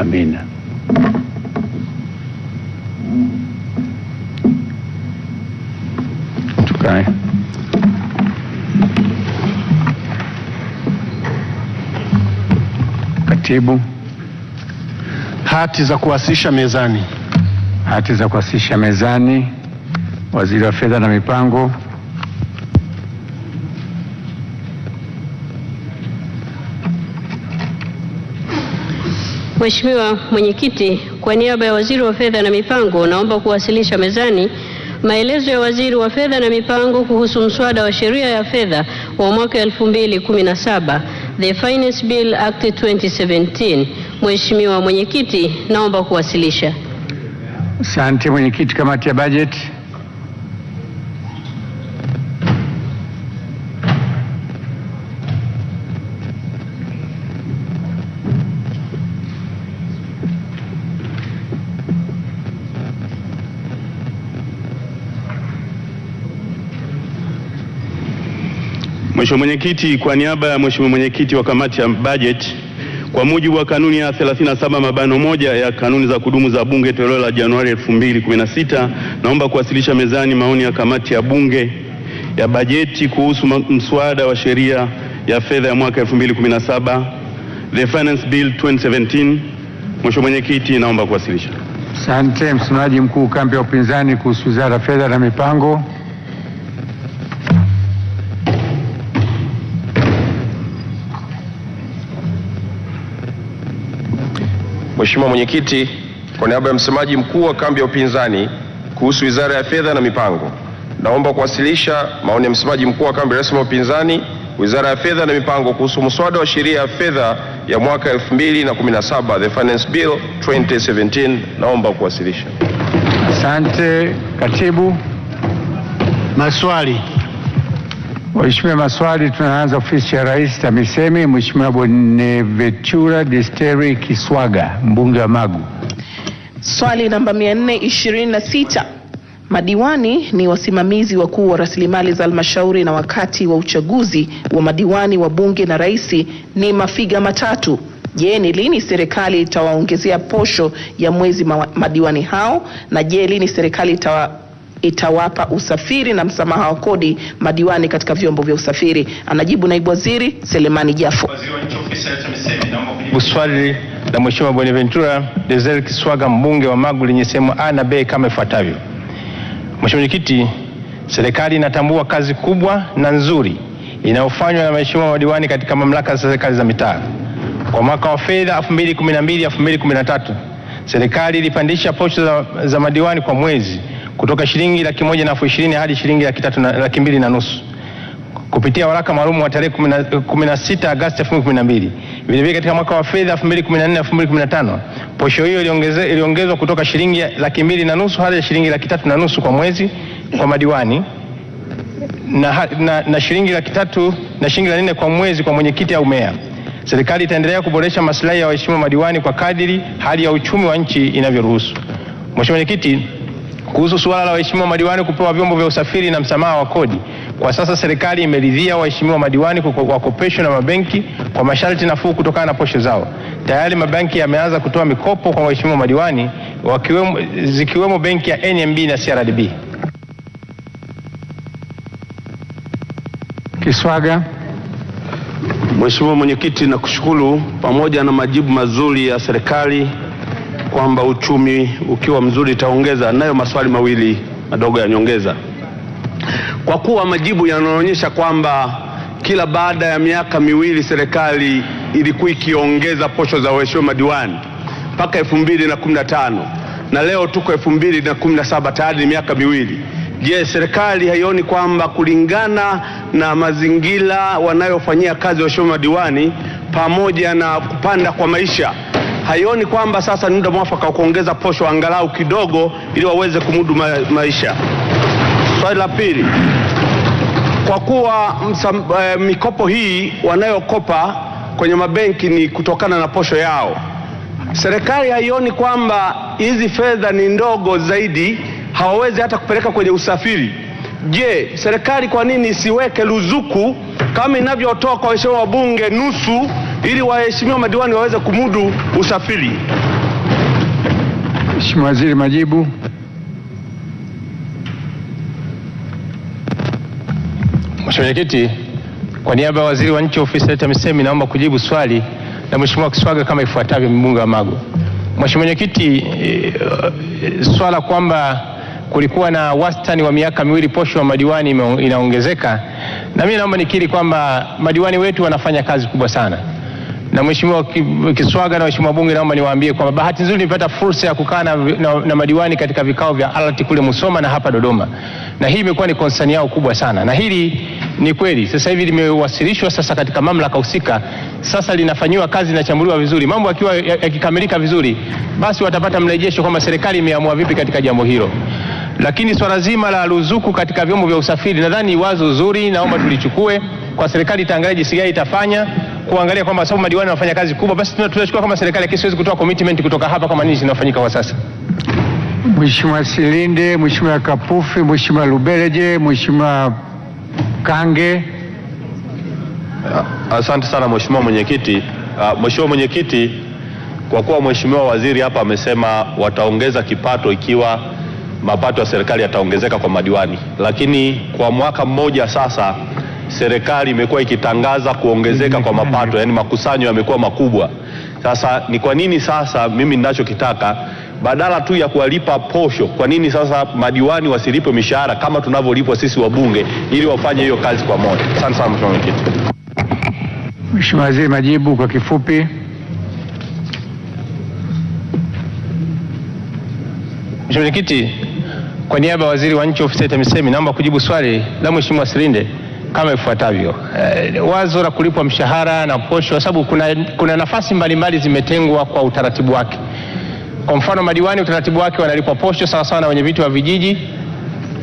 Amina. Tukae. Katibu, hati za kuwasilisha mezani. Hati za kuwasilisha mezani. Waziri wa Fedha na Mipango Mheshimiwa Mwenyekiti, kwa niaba ya Waziri wa Fedha na Mipango, naomba kuwasilisha mezani maelezo ya Waziri wa Fedha na Mipango kuhusu mswada wa sheria ya fedha wa mwaka 2017, The Finance Bill Act 2017. Mheshimiwa Mwenyekiti, naomba kuwasilisha. Asante mwenyekiti, kamati ya bajeti. Mheshimiwa Mwenyekiti, kwa niaba ya Mheshimiwa Mwenyekiti wa kamati ya bajeti, kwa mujibu wa kanuni ya 37 mabano moja ya kanuni za kudumu za Bunge toleo la Januari 2016, naomba kuwasilisha mezani maoni ya kamati ya Bunge ya bajeti kuhusu mswada wa sheria ya fedha ya mwaka 2017 the finance bill 2017. Mheshimiwa Mwenyekiti, naomba kuwasilisha. Asante. Msemaji mkuu kambi ya upinzani kuhusu wizara ya fedha na mipango Mheshimiwa Mwenyekiti, kwa niaba ya msemaji mkuu wa kambi ya upinzani kuhusu Wizara ya Fedha na Mipango, naomba kuwasilisha maoni ya msemaji mkuu wa kambi rasmi ya upinzani Wizara ya Fedha na Mipango kuhusu mswada wa sheria ya fedha ya mwaka 2017 the Finance Bill 2017. Naomba kuwasilisha. Asante. Katibu, maswali. Mheshimiwa, maswali. Tunaanza ofisi ya Rais TAMISEMI. Mheshimiwa Bonaventura Disteri Kiswaga, mbunge wa Magu. Swali namba 426. Madiwani ni wasimamizi wakuu wa rasilimali za halmashauri na wakati wa uchaguzi wa madiwani wa bunge na rais ni mafiga matatu. Je, ni lini serikali itawaongezea posho ya mwezi madiwani hao, na je, lini serikali itawa itawapa usafiri na msamaha wa kodi madiwani katika vyombo vya usafiri. Anajibu naibu waziri Selemani Jafo. Swali la Mheshimiwa Bonaventura Dezel Kiswaga mbunge wa Magu lenye sehemu A na B kama ifuatavyo. Mheshimiwa Mwenyekiti, serikali inatambua kazi kubwa na nzuri inayofanywa na Mheshimiwa madiwani katika mamlaka za serikali za mitaa. Kwa mwaka wa fedha 2012 2013 serikali ilipandisha posho za, za madiwani kwa mwezi kutoka shilingi laki moja na elfu ishirini hadi shilingi laki tatu na laki mbili na nusu kupitia waraka maalum wa tarehe 16 Agosti 2012. Vilevile katika mwaka wa fedha 2014 2015, posho hiyo iliongezwa kutoka shilingi laki mbili na nusu hadi shilingi laki tatu na nusu kwa mwezi kwa madiwani na, na, na shilingi laki tatu na shilingi laki nne kwa mwezi kwa mwenyekiti au meya. Serikali itaendelea kuboresha maslahi ya waheshimiwa madiwani kwa kadiri hali ya uchumi wa nchi inavyoruhusu. Mheshimiwa Mwenyekiti, kuhusu suala la waheshimiwa madiwani kupewa vyombo vya usafiri na msamaha wa kodi, kwa sasa serikali imeridhia waheshimiwa madiwani wakopeshwa na mabenki kwa masharti nafuu kutokana na posho zao. Tayari mabenki yameanza kutoa mikopo kwa waheshimiwa madiwani wakiwemo, zikiwemo benki ya NMB na CRDB. Kiswaga. Mheshimiwa Mwenyekiti, nakushukuru pamoja na majibu mazuri ya serikali kwamba uchumi ukiwa mzuri itaongeza, nayo maswali mawili madogo ya nyongeza, kwa kuwa majibu yanaonyesha kwamba kila baada ya miaka miwili serikali ilikuwa ikiongeza posho za waheshimiwa madiwani mpaka elfu mbili na kumi na tano na leo tuko elfu mbili na kumi na saba tayari ni miaka miwili. Je, serikali haioni kwamba kulingana na mazingira wanayofanyia kazi waheshimiwa madiwani pamoja na kupanda kwa maisha haioni kwamba sasa ni muda mwafaka wa kuongeza posho angalau kidogo ili waweze kumudu ma maisha. Swali la pili, kwa kuwa msa, e, eh, mikopo hii wanayokopa kwenye mabenki ni kutokana na posho yao, serikali haioni kwamba hizi fedha ni ndogo zaidi, hawawezi hata kupeleka kwenye usafiri? Je, serikali kwa nini isiweke ruzuku kama inavyotoa kwa waheshimiwa wabunge nusu ili waheshimiwa madiwani waweze kumudu usafiri. Mheshimiwa Waziri, majibu. Mheshimiwa Mwenyekiti, kwa niaba ya Waziri wa Nchi Ofisi ya TAMISEMI naomba kujibu swali la Mheshimiwa Kiswaga kama ifuatavyo. Mbunge wa Magu. Mheshimiwa Mwenyekiti, eh, eh, swala kwamba kulikuwa na wastani wa miaka miwili posho wa madiwani inaongezeka, na mimi naomba nikiri kwamba madiwani wetu wanafanya kazi kubwa sana na Mheshimiwa Kiswaga na Mheshimiwa Bunge, naomba niwaambie kwamba bahati nzuri nimepata fursa ya kukaa na, na, na madiwani katika vikao vya ALAT kule Musoma na hapa Dodoma, na hii imekuwa ni concern yao kubwa sana, na hili ni kweli sasa hivi limewasilishwa sasa katika mamlaka husika, sasa linafanyiwa kazi, linachambuliwa vizuri. Mambo yakiwa yakikamilika ya vizuri, basi watapata mrejesho kwamba serikali imeamua vipi katika jambo hilo. Lakini swala zima la ruzuku katika vyombo vya usafiri, nadhani wazo zuri, naomba tulichukue kwa serikali, itaangalia jinsi gani itafanya kuangalia kwamba sababu madiwani wanafanya kazi kubwa, basi tunachukua kama serikali, lakini siwezi kutoa commitment kutoka hapa kama nini zinafanyika kwa sasa. Mheshimiwa Silinde, Mheshimiwa Kapufi, Mheshimiwa Lubeleje, Mheshimiwa Kange. Asante sana Mheshimiwa Mwenyekiti. Mheshimiwa Mwenyekiti, kwa kuwa Mheshimiwa Waziri hapa amesema wataongeza kipato ikiwa mapato ya serikali yataongezeka kwa madiwani, lakini kwa mwaka mmoja sasa serikali imekuwa ikitangaza kuongezeka kwa mapato, yani makusanyo yamekuwa makubwa. Sasa ni kwa nini sasa, mimi ninachokitaka badala tu ya kuwalipa posho, kwa nini sasa madiwani wasilipwe mishahara kama tunavyolipwa sisi wabunge, ili wafanye hiyo kazi kwa moja? Asante sana mheshimiwa mwenyekiti. Mheshimiwa Waziri, majibu kwa kifupi. Mheshimiwa Mwenyekiti, kwa niaba ya waziri wa nchi ofisi ya TAMISEMI naomba kujibu swali la Mheshimiwa Silinde kama ifuatavyo. E, wazo la kulipwa mshahara na posho, kwa sababu kuna, kuna nafasi mbalimbali zimetengwa kwa utaratibu wake. Kwa mfano madiwani, utaratibu wake wanalipwa posho sawa sawa na wenye viti wa vijiji,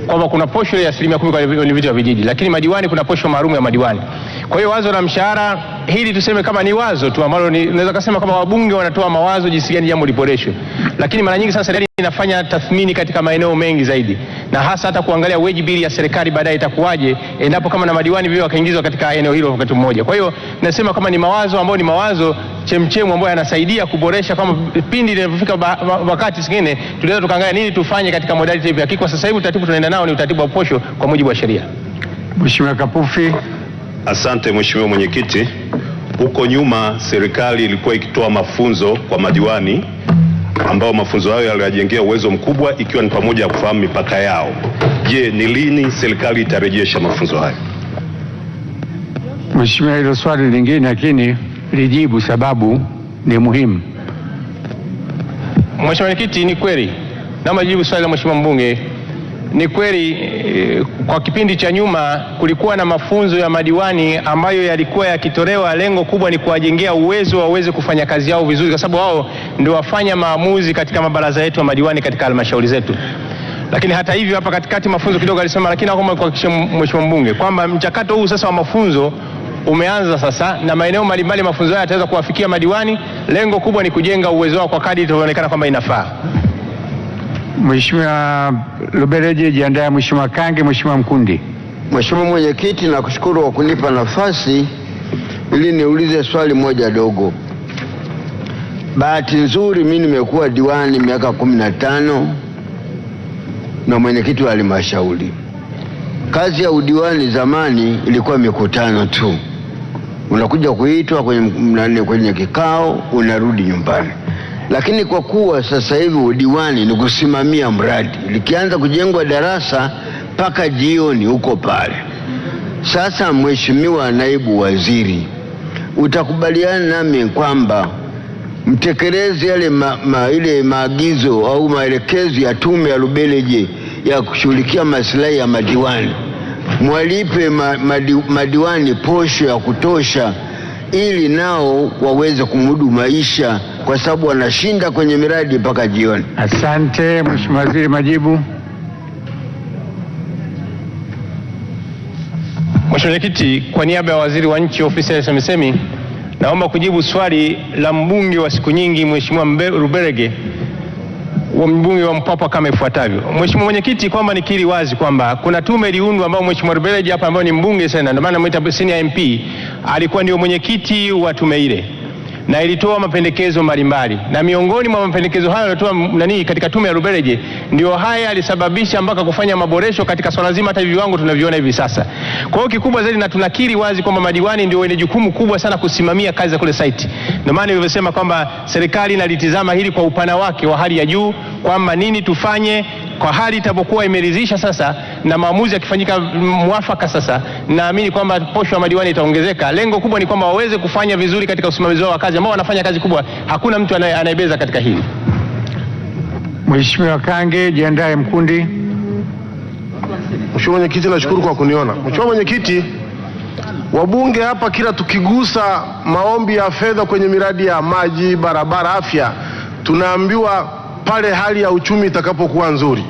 kwamba kuna posho ya asilimia kumi kwa viti wa vijiji, lakini madiwani kuna posho maalum ya madiwani. Kwa hiyo wazo la mshahara hili tuseme kama ni wazo tu ambalo naweza kusema kama wabunge wanatoa mawazo jinsi gani jambo liboreshwe, lakini mara nyingi sana serikali inafanya tathmini katika maeneo mengi zaidi, na hasa hata kuangalia wage bill ya serikali baadaye itakuwaje endapo kama na madiwani vile wakaingizwa katika eneo hilo wakati mmoja. Kwa hiyo nasema kama ni mawazo ambayo ni mawazo chemchemu ambayo yanasaidia kuboresha, kama pindi linapofika wakati singine, tunaweza tukaangalia nini tufanye katika modality hivi. Lakini kwa sasa hivi utaratibu tunaenda nao ni utaratibu wa posho kwa mujibu wa sheria. Mheshimiwa Kapufi. Asante mheshimiwa mwenyekiti. Huko nyuma serikali ilikuwa ikitoa mafunzo kwa madiwani ambao mafunzo hayo yaliwajengea uwezo mkubwa ikiwa ni pamoja ya kufahamu mipaka yao. Je, ni lini serikali itarejesha mafunzo hayo? Mheshimiwa, hilo swali lingine lakini lijibu, sababu ni muhimu. Mheshimiwa mwenyekiti, ni kweli, naomba jibu swali la mheshimiwa mbunge. Ni kweli eh, kwa kipindi cha nyuma kulikuwa na mafunzo ya madiwani ambayo yalikuwa yakitolewa, lengo kubwa ni kuwajengea uwezo waweze kufanya kazi yao vizuri, kwa sababu wao ndio wafanya maamuzi katika mabaraza yetu ya madiwani katika halmashauri zetu. Lakini hata hivyo, hapa katikati mafunzo kidogo alisema, lakini akuhakikisha mheshimiwa mbunge kwamba mchakato huu sasa wa mafunzo umeanza sasa, na maeneo mbalimbali mafunzo haya yataweza kuwafikia madiwani. Lengo kubwa ni kujenga uwezo wao kwa kadri itaonekana kwamba inafaa. Mheshimiwa Lubeleje, jiandae. Mheshimiwa Kange, Mheshimiwa Mkundi. Mheshimiwa Mwenyekiti, nakushukuru kwa kunipa nafasi ili niulize swali moja dogo. Bahati nzuri mimi nimekuwa diwani miaka kumi na tano na mwenyekiti wa halmashauri. Kazi ya udiwani zamani ilikuwa mikutano tu, unakuja kuitwa kwenye, kwenye kikao unarudi nyumbani. Lakini kwa kuwa sasa hivi udiwani ni kusimamia mradi, likianza kujengwa darasa mpaka jioni huko pale. Sasa Mheshimiwa Naibu Waziri, utakubaliana nami kwamba mtekeleze yale ma, ma, ile maagizo au maelekezo ya Tume ya Lubeleje ya kushughulikia masilahi ya madiwani, mwalipe ma, madi, madiwani posho ya kutosha ili nao waweze kumudu maisha kwa sababu wanashinda kwenye miradi mpaka jioni. Asante Mheshimiwa Waziri, majibu. Mheshimiwa Mwenyekiti, kwa niaba ya Waziri wa Nchi Ofisi ya TAMISEMI naomba kujibu swali la mbunge wa siku nyingi Mheshimiwa Ruberege wa mbunge wa Mpwapwa kama ifuatavyo. Mheshimiwa Mwenyekiti, kwamba nikiri wazi kwamba kuna tume iliundwa ambayo Mheshimiwa Ruberege hapa ambayo ni mbunge sana, ndio maana namuita senior MP, alikuwa ndio mwenyekiti wa tume ile na ilitoa mapendekezo mbalimbali, na miongoni mwa mapendekezo hayo yalitoa nani katika tume ya Rubereje ndio haya yalisababisha mpaka kufanya maboresho katika swala zima hata viwango tunavyoona hivi sasa. Kwa hiyo kikubwa zaidi, na tunakiri wazi kwamba madiwani ndio wenye jukumu kubwa sana kusimamia kazi za kule site. Ndio maana nilivyosema kwamba serikali inalitizama hili kwa upana wake wa hali ya juu kwamba nini tufanye kwa hali itapokuwa imeridhisha sasa na maamuzi yakifanyika mwafaka sasa, naamini kwamba posho ya madiwani itaongezeka. Lengo kubwa ni kwamba waweze kufanya vizuri katika usimamizi wao wa kazi, ambao wanafanya kazi kubwa. Hakuna mtu anayebeza katika hili. Mheshimiwa Kange, jiandae Mkundi. Mheshimiwa Mwenyekiti, nashukuru kwa kuniona. Mheshimiwa Mwenyekiti, wabunge hapa kila tukigusa maombi ya fedha kwenye miradi ya maji, barabara, afya tunaambiwa pale hali ya uchumi itakapokuwa nzuri.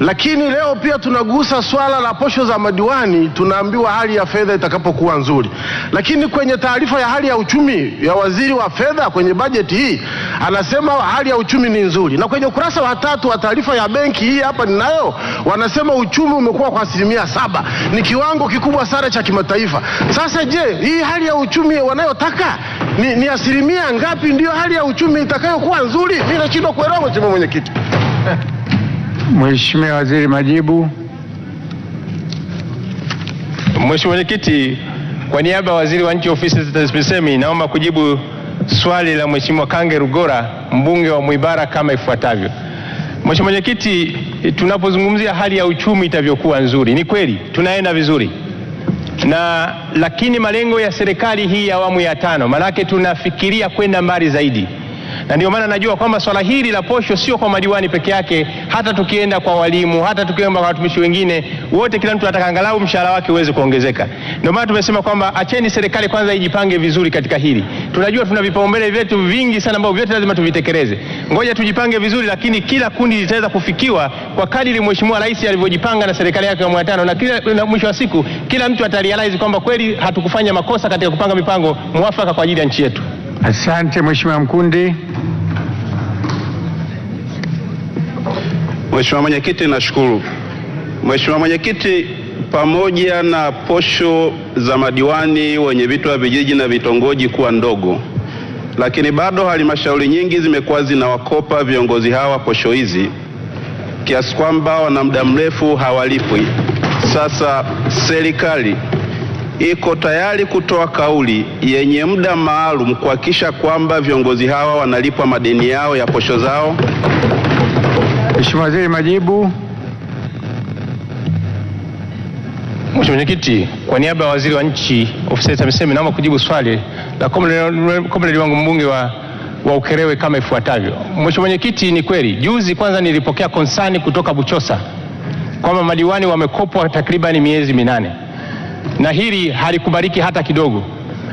Lakini leo pia tunagusa swala la posho za madiwani, tunaambiwa hali ya fedha itakapokuwa nzuri. Lakini kwenye taarifa ya hali ya uchumi ya waziri wa fedha kwenye bajeti hii anasema hali ya uchumi ni nzuri, na kwenye ukurasa wa tatu wa taarifa ya benki hii hapa ninayo, wanasema uchumi umekuwa kwa asilimia saba, ni kiwango kikubwa sana cha kimataifa. Sasa je, hii hali ya uchumi wanayotaka ni, ni asilimia ngapi? Ndiyo hali ya uchumi itakayokuwa nzuri? Mi nashindwa kuelewa, Mheshimiwa Mwenyekiti. Mheshimiwa Waziri, majibu. Mheshimiwa Mwenyekiti, kwa niaba ya Waziri wa Nchi Ofisi za TAMISEMI naomba kujibu swali la Mheshimiwa Kange Rugora, mbunge wa Mwibara kama ifuatavyo. Mheshimiwa Mwenyekiti, tunapozungumzia hali ya uchumi itavyokuwa nzuri, ni kweli tunaenda vizuri na lakini malengo ya serikali hii ya awamu ya tano, maanake tunafikiria kwenda mbali zaidi na ndio maana najua kwamba swala hili la posho sio kwa madiwani peke yake, hata tukienda kwa walimu, hata tukiomba kwa watumishi wengine wote, kila mtu anataka angalau mshahara wake uweze kuongezeka. Ndio maana tumesema kwamba acheni serikali kwanza ijipange vizuri katika hili. Tunajua tuna vipaumbele vyetu vingi sana, ambavyo vyote lazima tuvitekeleze. Ngoja tujipange vizuri, lakini kila kundi litaweza kufikiwa kwa kadiri Mheshimiwa Rais alivyojipanga na serikali yake ya awamu na kila na mwisho wa siku kila mtu atarealize kwamba kweli hatukufanya makosa katika kupanga mipango mwafaka kwa ajili ya nchi yetu. Asante Mheshimiwa Mkundi. Mheshimiwa Mwenyekiti, nashukuru. Mheshimiwa Mwenyekiti, pamoja na posho za madiwani wenye vitu vijiji na vitongoji kuwa ndogo, lakini bado halmashauri nyingi zimekuwa zinawakopa viongozi hawa posho hizi kiasi kwamba wana muda mrefu hawalipwi. Sasa serikali iko tayari kutoa kauli yenye muda maalum kuhakikisha kwamba viongozi hawa wanalipwa madeni yao ya posho zao? Mheshimiwa Waziri, majibu. Mheshimiwa Mwenyekiti, kwa niaba ya Waziri wa Nchi, Ofisi ya TAMISEMI, naomba kujibu swali la komredi wangu mbunge wa, wa Ukerewe kama ifuatavyo. Mheshimiwa Mwenyekiti, ni kweli juzi kwanza nilipokea konsani kutoka Buchosa kwamba madiwani wamekopwa takribani miezi minane na hili halikubaliki hata kidogo.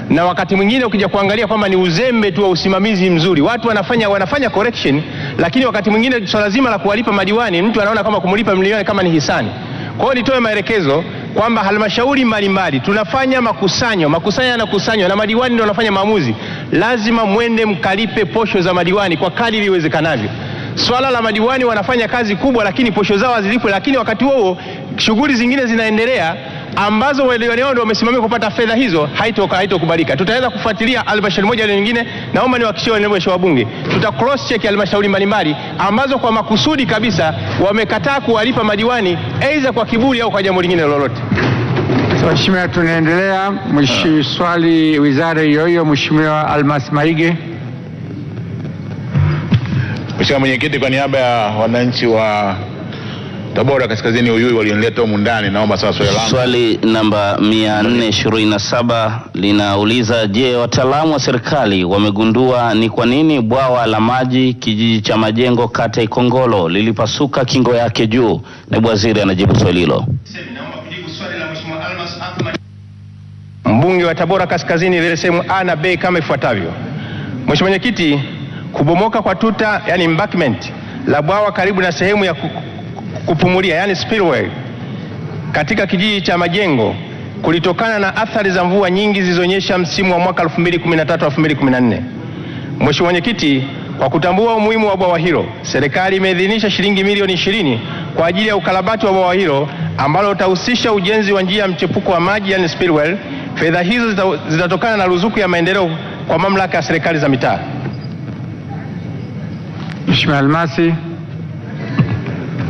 Na wakati mwingine ukija kuangalia kwamba ni uzembe tu wa usimamizi mzuri, watu wanafanya, wanafanya correction, lakini wakati mwingine swala zima la kuwalipa madiwani, mtu anaona kama kumlipa milioni kama ni hisani. Kwa hiyo nitoe maelekezo kwamba halmashauri mbalimbali tunafanya makusanyo, makusanyo yanakusanywa na madiwani ndio wanafanya maamuzi. Lazima mwende mkalipe posho za madiwani kwa kadiri iwezekanavyo. Swala la madiwani wanafanya kazi kubwa, lakini posho zao hazilipwe, lakini wakati huo shughuli zingine zinaendelea ambazo wadiwani wao ndio wamesimamia kupata fedha hizo haitokubalika. tutaweza kufuatilia halmashauri moja na nyingine. Naomba niwahakikishie waheshimiwa wabunge, tuta cross check halmashauri mbalimbali ambazo kwa makusudi kabisa wamekataa kuwalipa madiwani aidha kwa kiburi au kwa jambo lingine lolote. Mheshimiwa, tunaendelea. Mheshimiwa, ah. swali wizara hiyo hiyo, Mheshimiwa Almas Maige. Mheshimiwa Mwenyekiti, kwa niaba ya wananchi wa Tabora Kaskazini Uyui walinileta humu ndani. Naomba sawa. swali langu. Swali namba 427 linauliza, je, wataalamu wa serikali wamegundua ni kwa nini bwawa la maji kijiji cha Majengo kata Ikongolo lilipasuka kingo yake juu? Naibu waziri anajibu swali hilo. Mbunge wa Tabora Kaskazini sehemu A na B kama ifuatavyo. Mheshimiwa Mwenyekiti, kubomoka kwa tuta yani embankment la bwawa karibu na sehemu ya kupumulia, yani spillway, katika kijiji cha Majengo kulitokana na athari za mvua nyingi zilizonyesha msimu wa mwaka 2013 2014. Mheshimiwa Mwenyekiti, kwa kutambua umuhimu wa bwawa hilo, serikali imeidhinisha shilingi milioni 20 kwa ajili ya ukarabati wa bwawa hilo ambalo utahusisha ujenzi wa njia ya mchepuko wa maji yani spillway. Fedha hizo zitatokana na ruzuku ya maendeleo kwa mamlaka ya serikali za mitaa. Mheshimiwa Almasi.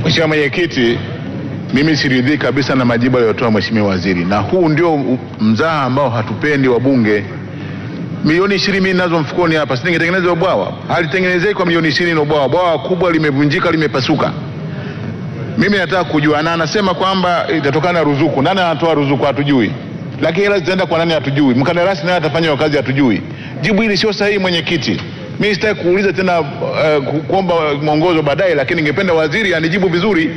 Mheshimiwa Mwenyekiti, mimi siridhii kabisa na majibu aliyotoa Mheshimiwa Waziri, na huu ndio mzaha ambao hatupendi wabunge. Milioni ishirini mimi nazo mfukoni hapa, siningetengeneza bwawa, halitengenezei kwa milioni ishirini na bwawa, bwawa kubwa limevunjika, limepasuka. Mimi nataka kujua, na anasema kwamba itatokana na ruzuku. Nani anatoa ruzuku? Hatujui, lakini hela zitaenda kwa nani? Hatujui. Mkandarasi naye atafanya kazi? Hatujui. Jibu hili sio sahihi, mwenyekiti. Mimi sitaki kuuliza tena uh, kuomba mwongozo baadaye, lakini ningependa waziri anijibu vizuri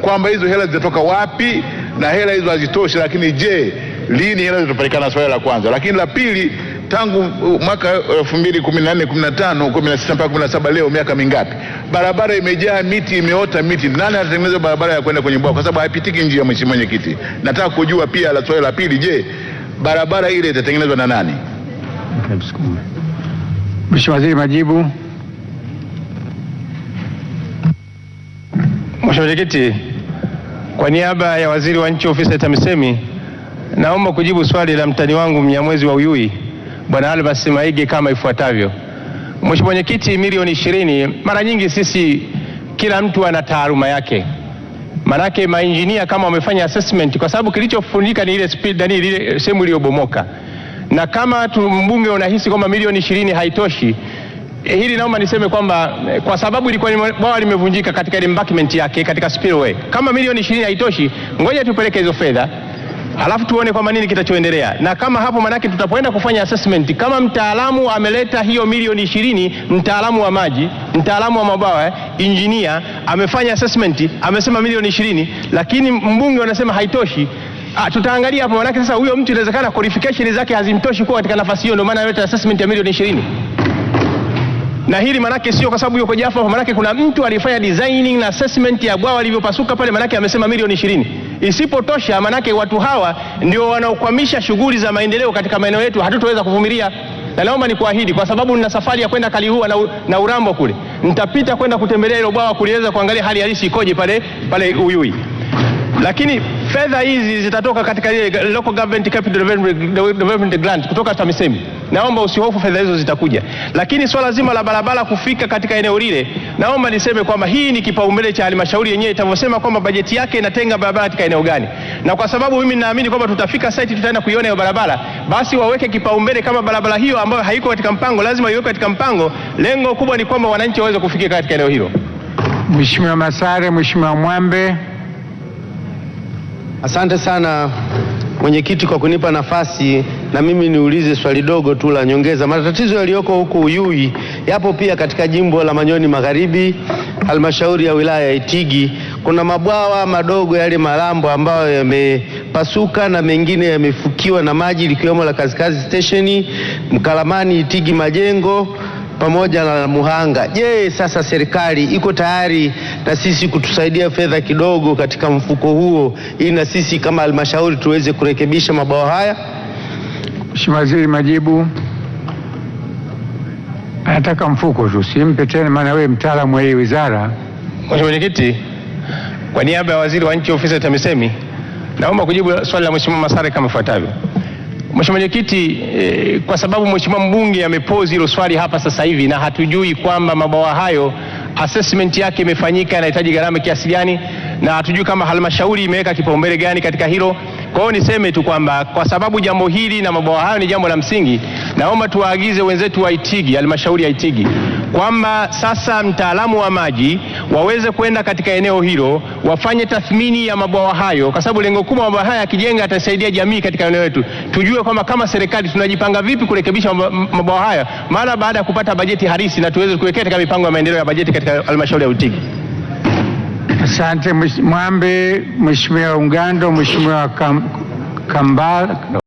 kwamba hizo hela zitatoka wapi na hela hizo hazitoshi, lakini je, lini hela zitapatikana? Swali la kwanza. Lakini la pili, tangu uh, mwaka 2014 15 16 mpaka 17 leo miaka mingapi? Barabara imejaa miti, imeota miti. Nani anatengeneza barabara ya kwenda kwenye bwawa? Kwa sababu haipitiki njia. Mheshimiwa Mwenyekiti, nataka kujua pia la swali la pili, je, barabara ile itatengenezwa na nani? Mheshimiwa Waziri, majibu. Mheshimiwa Mwenyekiti, kwa niaba ya Waziri wa Nchi Ofisi ya TAMISEMI naomba kujibu swali la mtani wangu Mnyamwezi wa Uyui Bwana albas Maige kama ifuatavyo. Mheshimiwa Mwenyekiti, milioni ishirini, mara nyingi sisi kila mtu ana taaluma yake, manake mainjinia kama wamefanya assessment, kwa sababu kilichofundika ni ile speed, ni ile sehemu iliyobomoka na kama mbunge unahisi kwamba milioni ishirini haitoshi eh, hili naomba niseme kwamba eh, kwa sababu ilikuwa bwawa limevunjika katika embankment yake katika spillway, kama milioni ishirini haitoshi, ngoja tupeleke hizo fedha alafu tuone kwamba nini kitachoendelea, na kama hapo, manake tutapoenda kufanya assessment, kama mtaalamu ameleta hiyo milioni ishirini, mtaalamu wa maji, mtaalamu wa mabwawa, injinia amefanya assessment, amesema milioni ishirini, lakini mbunge anasema haitoshi Ah, tutaangalia hapo manake sasa huyo mtu inawezekana qualification zake hazimtoshi kuwa katika nafasi hiyo, ndio maana yote assessment ya milioni 20. Na hili manake sio kwa sababu yuko Jaffa manake kuna mtu alifanya designing na assessment ya bwawa lilivyopasuka pale, manake amesema milioni 20. Isipotosha manake watu hawa ndio wanaokwamisha shughuli za maendeleo katika maeneo yetu, hatutoweza kuvumilia. Na naomba nikuahidi, kwa sababu nina safari ya kwenda Kaliua na, na Urambo kule, nitapita kwenda kutembelea hilo bwawa kuliweza kuangalia hali halisi ikoje pale pale Uyui, lakini Fedha hizi zitatoka katika ile local government capital development grant kutoka TAMISEMI. Naomba usihofu, fedha hizo zitakuja, lakini swala zima la barabara kufika katika eneo lile, naomba niseme kwamba hii ni kipaumbele cha halmashauri yenyewe itavyosema kwamba bajeti yake inatenga barabara katika eneo gani, na kwa sababu mimi ninaamini kwamba tutafika site, tutaenda kuiona hiyo barabara, basi waweke kipaumbele kama barabara hiyo ambayo haiko katika mpango lazima iwekwe katika mpango. Lengo kubwa ni kwamba wananchi waweze kufikia katika eneo hilo. Mheshimiwa Masare, Mheshimiwa Mwambe. Asante sana mwenyekiti kwa kunipa nafasi na mimi niulize swali dogo tu la nyongeza. Matatizo yaliyoko huku Uyui yapo pia katika jimbo la Manyoni Magharibi, halmashauri ya wilaya ya Itigi. Kuna mabwawa madogo yale malambo ambayo yamepasuka na mengine yamefukiwa na maji likiwemo la Kazikazi stesheni, Mkalamani, Itigi, Majengo pamoja na Muhanga. Je, sasa serikali iko tayari na sisi kutusaidia fedha kidogo katika mfuko huo, ili na sisi kama halmashauri tuweze kurekebisha mabwawa haya. Mheshimiwa Waziri, majibu. Anataka mfuko tu, simpe tena, maana wewe mtaalamu wa hii wizara. Mheshimiwa Mwenyekiti, kwa niaba ya waziri wa nchi ofisi ya TAMISEMI naomba kujibu swali la Mheshimiwa Masare kama ifuatavyo. Mheshimiwa Mwenyekiti, eh, kwa sababu Mheshimiwa mbunge amepozi hilo swali hapa sasa hivi na hatujui kwamba mabwawa hayo assessment yake imefanyika, inahitaji gharama kiasi gani, na hatujui kama halmashauri imeweka kipaumbele gani katika hilo. Kwa hiyo niseme tu kwamba kwa sababu jambo hili na mabwawa hayo ni jambo la msingi, naomba tuwaagize wenzetu wa Itigi, halmashauri ya Itigi kwamba sasa mtaalamu wa maji waweze kwenda katika eneo hilo wafanye tathmini ya mabwawa hayo, kwa sababu lengo kubwa mabwawa haya yakijenga yatasaidia jamii katika eneo letu, tujue kwamba kama serikali tunajipanga vipi kurekebisha mabwawa haya mara baada ya kupata bajeti halisi, na tuweze kuwekea katika mipango ya maendeleo ya bajeti katika halmashauri ya Utigi. Asante Mwambe, Mheshimiwa Ungando, Mheshimiwa Kambala.